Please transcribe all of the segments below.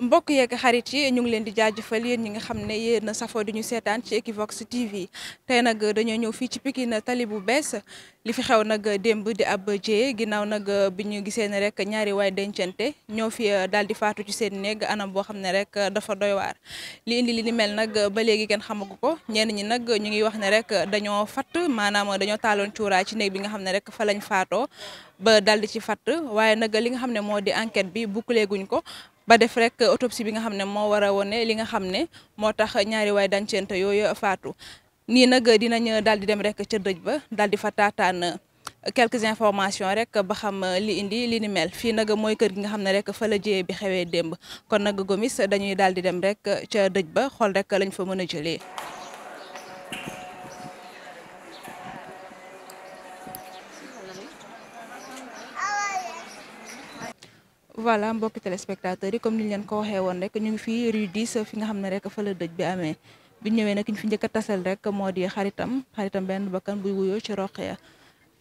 mbokk yeeg xarit yi ñu ngi leen di jaajëfal yéen ñi nga xam ne yéen a safoo di ñu seetaan ci Equivox TV tey nag dañoo ñëw fii ci Pikine tali bu bees li fi xew nag démb di ab jiyee ginnaaw nag bi ñu gisee ne rek ñaari waay dencante ñoo fi uh, daal di faatu ci seen néeg anam boo xam ne rek uh, dafa doy waar li indi li ni mel nag uh, ba léegi kenn xamagu ko ñenn ñi nag ñu ngi wax ne rek dañoo fatt maanaam dañoo taaloon cuuraay ci néeg bi nga xam ne rek fa lañ faatoo ba daal di ci fatt waaye nag li nga xam ne moo di enquête bi bouclé ko ba def rek autopsie bi nga xam ne moo war a wone li nga xam ne moo tax ñaari waay dancente yooyu faatu nii nag dinañ daal di dem rek ca dëj ba daal di fa taataan quelques informations rek ba xam li indi li ni mel fii nag mooy kër gi nga xam ne rek fa la jiyee bi xewee démb kon nag gomis dañuy daal di dem rek ca dëj ba xool rek lañ fa mën a jëlee voilà mbokki téléspectateurs yi comme ni ñu leen ko waxee woon rek ñu ngi fi rue 10 fi nga xam ne rek fa la dëj bi amee bi ñëwee nag ñu fi njëkk a tasal rek moo di xaritam xaritam benn bakkan buy wuyoo ci Roqeya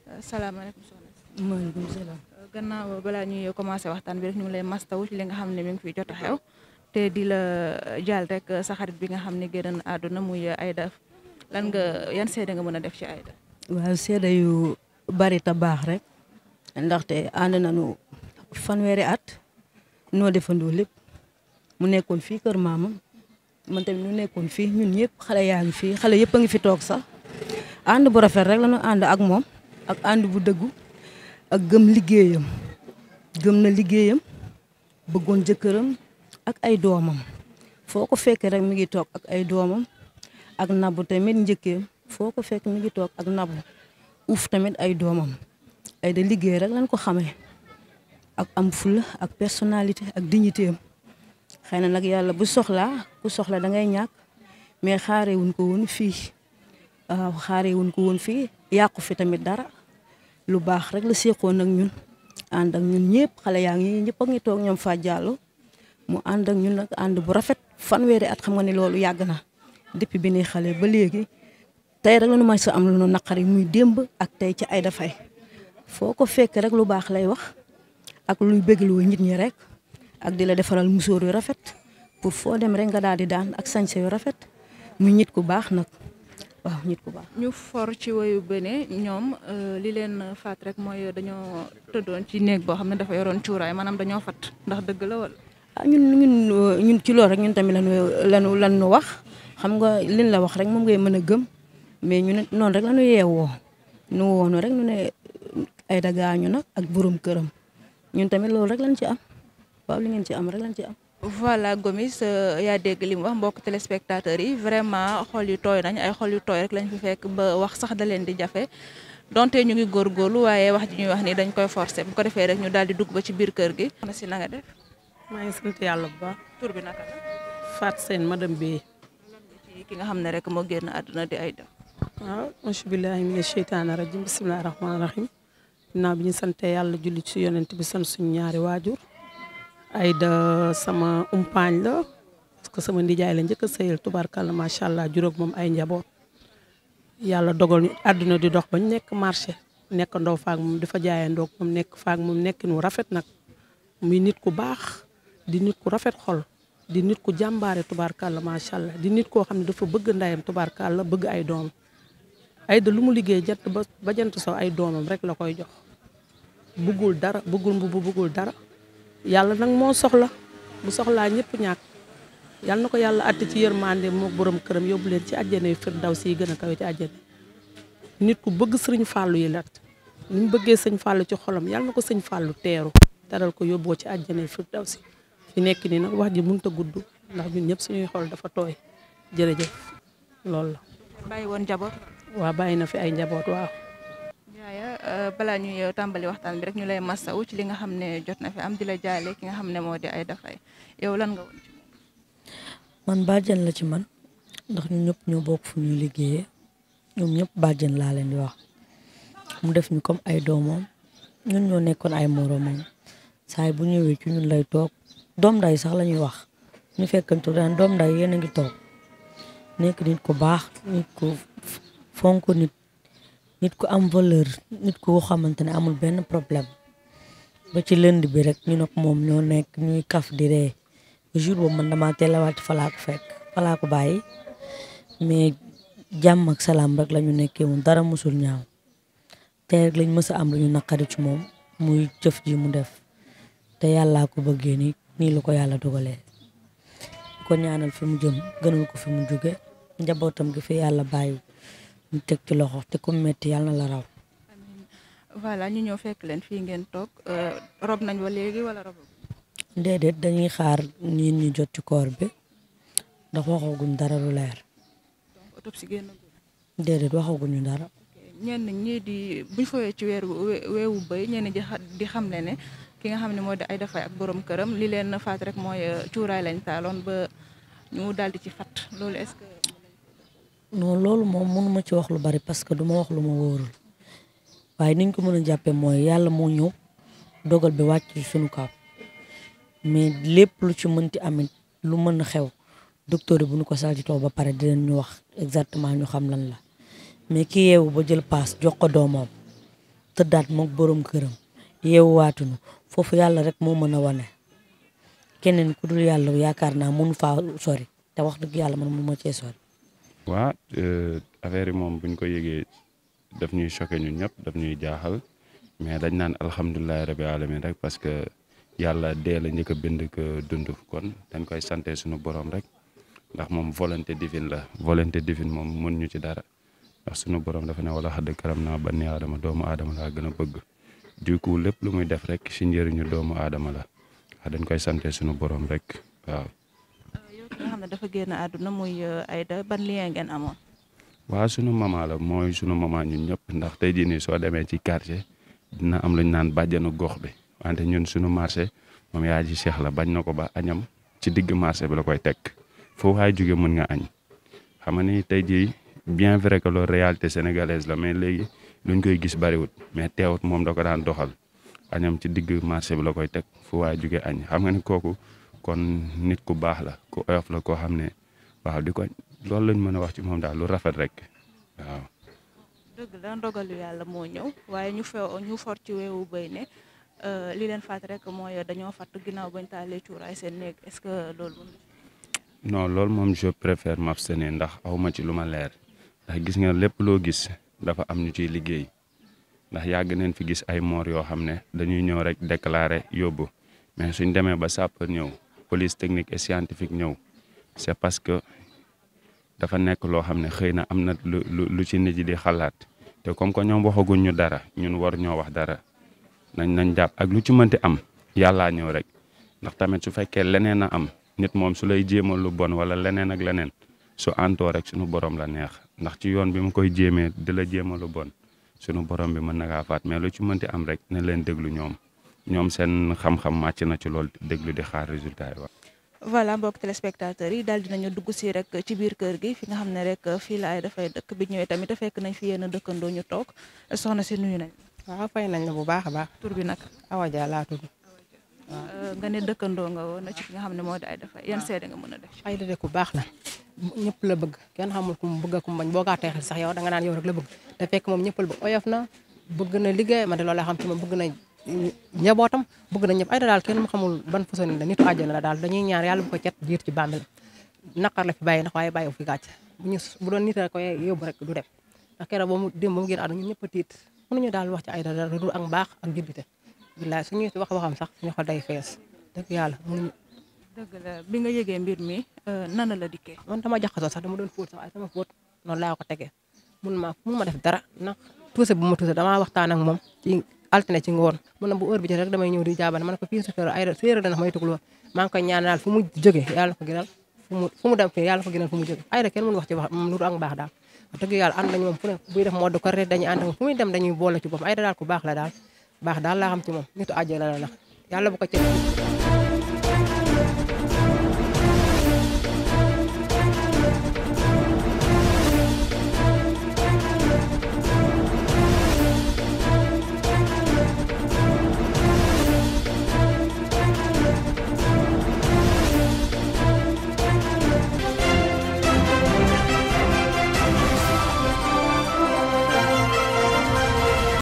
euh, salaamaaleykum soxna si. maaleykum salaam. Euh, gannaaw balaa ñuy commencé waxtaan bi rek ñu ngi lay mastaw ci li nga xam ne mi ngi fiy jot a xew te di la euh, jaal rek sa xarit bi nga xam ne génn na àdduna muy ayda lan nga yan seede nga mën a def ci Aida. waaw seede yu bari ta baax rek ndaxte ànd nañu. fanweeri at noo defandoo lépp mu nekkoon fii kër maamam man tamit ñu nekkoon fii ñun ñëpp xale yaa ngi fii xale yëpp a ngi fi toog sax ànd bu rafet rek la ñu ànd ak moom ak ànd bu dëggu ak gëm liggéeyam gëm na liggéeyam bëggoon jëkkëram ak ay doomam foo ko fekkee rek mi ngi toog ak ay doomam ak nabu tamit njëkkeem foo ko fekk mi ngi toog ak nabu uuf tamit ay doomam ay da liggéey rek lañ ko xamee ak am fula ak personnalité ak dignité am xëy na nag yàlla bu soxla ku soxla da ngay ñàkk mais xaaree wuñ ko woon fii waaw xaaree wuñ ko woon fii yàqu fi tamit dara lu baax rek la seqoon nag ñun ànd ak ñun ñëpp xale yaa ngi ñëpp ak ngi toog ñoom fa jaalo mu ànd ak ñun nag ànd bu rafet fanweeri at xam nga ni loolu yàgg na depuis bi ni xale ba léegi tey rek la nu may sa am lu nu naqari muy démb ak tey ci ay dafay foo ko fekk rek lu baax lay wax. ak luy bégloo nit ñi rek ak di la defaral musóor yu rafet pour foo dem rek nga daal di daan ak sañse yu rafet muy nit ku baax nag waaw nit ku baax. ñu for ci woyu bene ñoom euh, li leen faat rek mooy dañoo tëddoon ci néeg boo xam ne dafa yoroon cuuraay maanaam dañoo fat ndax dëgg la wala. ah ñun ñun ñun rek ñun tamit lañu lañu nu wax xam nga liñ la wax rek moom ngay mën a gëm mais ñu ne noonu rek lañu yeewoo nu woonu rek ñu ne ay dagaañu nag ak borom këram. ñun tamit loolu rek lañu ci am waaw li ngeen ci am rek lañ ci am. voilà Gomis euh, yaa dégg li mu wax mbokk téléspectateurs yi vraiment xol yu tooy nañ ay xol yu tooy rek lañ fi fekk ba wax sax da leen di jafe donte ñu ngi góorgóorlu waaye wax ji ñuy wax ni dañ koy forcer bu ko defee rek ñu daal di dugg ba ci biir kër gi. na si na nga def. maa ngi sant yàlla bu baax. tur bi naka la. seen Sène madame Beye. ki nga xam ne rek moo génn àdduna di ay dem. waaw. auzu billaahi mina sheytaani rajiim bismillaahi rahmaani rahiim. ginnaaw bi ñu sante yàlla julli ci yonent bi sant suñ ñaari waajur ay Aida sama umpaañ la parce que sama ndijaay la njëkk a tubaar tubaarkàlla macha allah juróom moom ay njaboot yàlla dogal ñu àdduna di dox ba nekk marché nekkandoo faak moom dafa jaayandoog moom nekk faak moom nekkin wu rafet nag muy nit ku baax di nit ku rafet xol di nit ku jàmbaare tubaarkàlla macha allah di nit koo xam ne dafa bëgg ndayam tubaar tubaarkàlla bëgg ay doom ay Aïda lu mu liggéey jant ba ba jant so ay doomam rek la koy jox bëggul dara bëggul bu buggul dara yàlla nag moo soxla bu soxlaa ñëpp ñàkk yàlla na ko yàlla àtte ci màndee moo borom këram yóbbu leen ci àjjana firdaws yi gën a kawe ci àjjana nit ku bëgg sëriñ fàllu yi lat nu mu bëggee sëñ fàllu ci xolam yàlla na ko sëñ fàllu teeru taral ko yóbboo ci àjjana firdaws si fi nekk nii nag wax ji mënut gudd ndax ñu ñëpp suñuy xol dafa tooy jërëjëf loolu la. waaw bàyyi na fi ay njaboot waaw. yaaya euh, balaa ñuy tàmbali waxtaan bi rek ñu lay masawu ci li nga xam ne jot na fi am di la jaale ki nga xam ne moo di ay dafay yow lan nga woon ci man bàjjen la ci man ndax ñu ñëpp ñoo bokk fu ñuy liggéeyee ñoom ñëpp bàjjen laa leen di wax mu def ñu comme ay doomam ñun ñoo nekkoon ay moromam saay bu ñëwee ci ñun lay toog doom nday sax la ñuy wax ñu fekkantu daan doom nday yéen a ngi toog nekk nit ku baax fonk nit nit ku am valeur nit ku xamante ne amul benn problème ba ci lënd bi rek ñu nag moom ñoo nekk ñuy kaf dire ree jour boobu man damaa teel a wàcc falaa ko fekk falaa ko bàyyi mais jàmm ak salaam rek la ñu nekkee woon dara musul ñaaw te rek lañ mës a am lu ñu naqari ci moom muy jëf ji mu def te yàllaa ko bëggee ni nii la ko yàlla dogalee ko ñaanal fi mu jëm gënal ko fi mu jóge njabootam gi fi yàlla bàyyi ñu teg ci loxo te ku métti yàlla na la raw. voilà ñu ñëw fekk leen fii ngeen toog euh, rob nañ ba léegi wala rob. déedéet dañuy xaar ñun ñi jot ci koor bi ndax waxaguñ dara lu leer. donc waxaguñu dara. ñenn ñii di buñ fowee ci weer weewu bëy ñenn di xam le ne ki nga xam ne mooy di ay dafay ak boroom këram li leen faat rek mooy euh, cuuraay lañ taaloon ba ñu daal ci fat loolu non loolu moom ma ci wax lu bari parce que du ma wax lu ma wóorul waaye niñ ko mën a jàppee mooy yàlla moo ñëw dogal bi wàcc ci suñu kaw mais lépp lu ci mënti amit lu mën a xew docteur yi bu ñu ko saltitoo ba pare di dinañ ñu wax exactement ñu xam lan la mais ki yeewu ba jël paas jox ko doomam tëddaat mook borom këram yeewu waatunu foofu yàlla rek moo mën a wane keneen ku dul yàlla yaakaar naa mënu faa sori te wax dëgg yàlla man mu ma cee sori waa euh, affaire yi moom buñ ko yëgee def ñuy choqué ñun ñëpp daf ñuy jaaxal mais dañ naan alhamdulilahi rabi alamin rek parce que yàlla dee la njëkk bind ko dund kon dañ koy sante suñu borom rek ndax moom volonté divine la volonté divine moom mën ñu ci dara ndax suñu borom dafa ne wala xadd karam naa banni aadama doomu aadama laa gën a bëgg du coup lépp lu muy def rek si njëriñu doomu aadama la dañ koy sante suñu borom rek waaw dafa génn àdduna muy euh, Aida ban lien ngeen amoon. waaw sunu mama la mooy sunu mama ñun ñëpp ndax tey jii nii soo demee ci quartier dina am lu ñu naan bàjjanu gox bi wante ñun sunu marché moom yaa ji Cheikh la bañ na ko ba añam ci digg marché bi la koy teg foo waay jóge mën nga añ xam nga ni tey jii bien vrai que loolu réalité sénégalaise la mais léegi luñ koy gis bariwut mais teewut moom da ko daan doxal añam ci digg marché bi la koy teg foo jóge añ xam nga ni kooku. kon nit ku baax la ku oyof la koo xam ne waaw di ko loolu lañ mën a wax ci moom daal lu rafet rek waaw. dëgg la ndogalu yàlla moo ñëw waaye ñu fe ñu for ci weewu bay ne euh, li leen faat rek mooy dañoo fatt ginnaaw bañ taalee cuuraay seen néeg est-ce que loolu. non lool moom je préfère m'abstenir ndax awma ci lu ma leer ndax gis nga lépp loo gis dafa am ñu ciy liggéey ndax yàgg neen fi gis ay moor yoo xam ne dañuy ñëw rek déclarer yóbbu mais suñ demee ba sapeur ñëw. police technique et scientifique ñëw c'est parce que dafa nekk loo xam ne xëy na am na lu lu ci nit yi di xalaat te comme que ñoom waxaguñ ñu dara ñun war ñoo wax dara nañ nañ jàpp ak lu ci mënti am yàllaa ñëw rek ndax tamit su fekkee leneen a am nit moom su lay jéemal lu bon wala leneen ak leneen su àntoo rek sunu borom la neex ndax ci yoon bi mu koy jéemee di la jéemal lu bon sunu borom bi mën na kaa faat mais lu ci mënti am rek ne leen déglu ñoom. ñoom seen xam-xam màcc na ci lool déglu di xaar résultat yi waaw. voilà mbokk téléspectateurs yi daal dinañu dugg si rek ci biir kër gi fi nga xam ne rek fii la ay dafay dëkk bi ñëwee tamit fekk nañ fi yenn dëkkandoo ñu toog soxna si nuyu nañ. waaw fay nañ la bu baax a baax. tur bi nag Awa Dia laa tudd. Euh, nga ne dëkkandoo nga woon ci nga xam ne mooy di ay dafay yan seede nga mën a def. ay dëkk bu baax la ñëpp la bëgg ken xamul ku mu bëgg ak ku mu sax yow danga naan yow rek la bëgg te fekk moom ñëpp la bëgg oyof na bëgg na liggéey man de loolu xam ci moom bëgg na njabootam bëgg nañ ñëpp ay daal kenn mu xamul ban façon la nitu àjjana la daal dañuy ñaar yàlla bu ko cet jiitu ci bàmmeel naqar la fi bàyyi ndax waaye bàyyi fi gàcc bu ñu bu doon nit rek koy yóbbu rek du dem ndax keroog ba mu dem ba mu génn àdduna ñun ñëpp a tiit mënuñu daal wax ci ay dara du ak mbaax ak jubbite billaay suñuy wax waxam sax suñu xol day fees dëgg yàlla mënuñu dëgg la bi nga yëgee mbir mi euh, nana la dikkee man dama jaxasoo sax dama doon fóot sax waaye sama fóot noonu laa ko tegee mun ma mun ma def dara ndax tuuse bu ma tuuse damaa waxtaan ak moom ci altine ci ngoon mu bu heure bi jot rek damay di jaabane ma ne ko fii sofeer ay séeréer dana may tukulóor maa ngi koy ñaan daal fu mu jóge yàlla na ko gënal fu mu fu mu dem fii yàlla na ko gënal fu mu daal wax dëgg fu ne buy def moo du ko dañuy muy dem dañuy boole ci boppam ay daal ku baax la daal baax daal laa xam ci moom nitu àjjana la nag yàlla bu ko ci